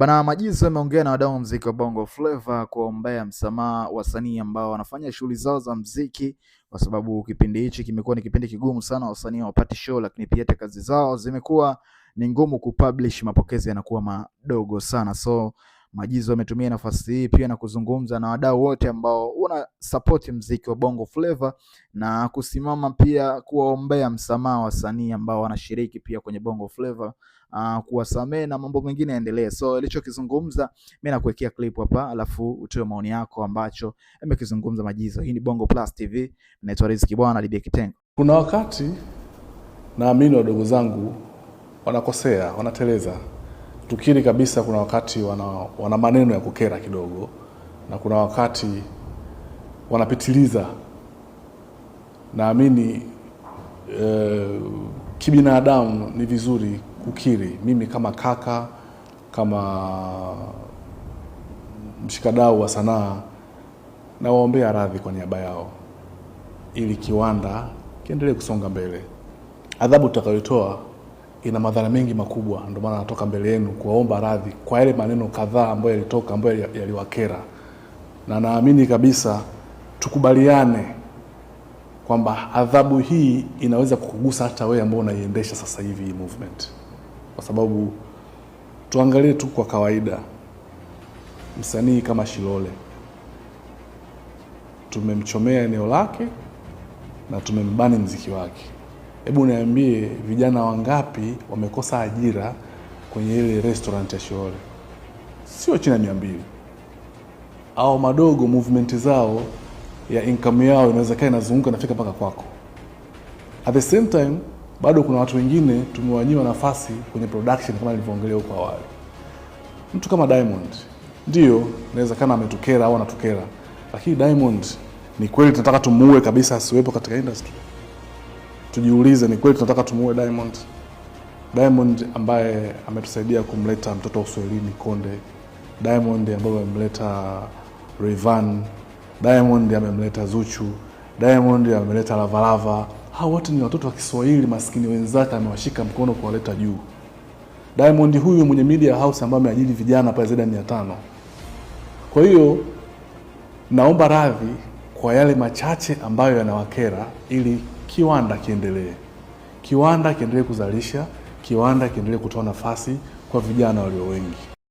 Bana Majizo ameongea na wadau wa muziki wa Bongo Flava kuwaombea msamaha wasanii ambao wanafanya shughuli zao za muziki, kwa sababu kipindi hichi kimekuwa ni kipindi kigumu sana, wasanii hawapati show, lakini pia hata kazi zao zimekuwa ni ngumu kupublish, mapokezi yanakuwa madogo sana so Majizo ametumia nafasi hii pia na kuzungumza na wadau wote ambao una support mziki wa Bongo Flava na kusimama pia kuwaombea msamaha wasanii ambao wanashiriki pia kwenye Bongo Flava uh, kuwasamehe na mambo mengine yaendelee. So alichokizungumza mimi nakuwekea clip hapa, alafu utoe maoni yako ambacho amekizungumza Majizo. Hii ni Bongo Plus TV, naitwa Riziki Bwana Libia Kitengo. Kuna wakati naamini wadogo zangu wanakosea, wanateleza tukiri kabisa, kuna wakati wana, wana maneno ya kukera kidogo na kuna wakati wanapitiliza. Naamini e, kibinadamu ni vizuri kukiri. Mimi kama kaka, kama mshikadau wa sanaa, nawaombea radhi kwa niaba yao ili kiwanda kiendelee kusonga mbele. Adhabu tutakayotoa ina madhara mengi makubwa. Ndio maana natoka mbele yenu kuwaomba radhi kwa yale maneno kadhaa ambayo yalitoka, ambayo yaliwakera, na naamini kabisa tukubaliane kwamba adhabu hii inaweza kukugusa hata wewe ambao unaiendesha sasa hivi hii movement, kwa sababu tuangalie tu kwa kawaida, msanii kama Shilole tumemchomea eneo lake na tumembani mziki wake Hebu niambie vijana wangapi wamekosa ajira kwenye ile restaurant ya Shilole? Sio chini ya mia mbili. Au madogo movement zao ya income yao inaweza kaa inazunguka nafika mpaka kwako. At the same time bado kuna watu wengine tumewanyima nafasi kwenye production kama nilivyoongelea huko awali. Mtu kama Diamond ndio inawezekana ametukera au anatukera, lakini Diamond ni kweli tunataka tumuue kabisa asiwepo katika industry? tujiulize, ni kweli tunataka tumuue Diamond? Diamond ambaye ametusaidia kumleta mtoto wa Uswahilini Konde, Diamond ambaye amemleta Rayvanny, Diamond amemleta Zuchu, Diamond amemleta Lavalava. Hao wote ni watoto wa Kiswahili maskini wenzake, amewashika mkono kuwaleta juu. Diamond huyu mwenye media house ambaye ameajiri vijana pale zaidi ya tano. Kwa hiyo naomba radhi kwa yale machache ambayo yanawakera ili kiwanda kiendelee, kiwanda kiendelee kuzalisha, kiwanda kiendelee kutoa nafasi kwa vijana walio wengi.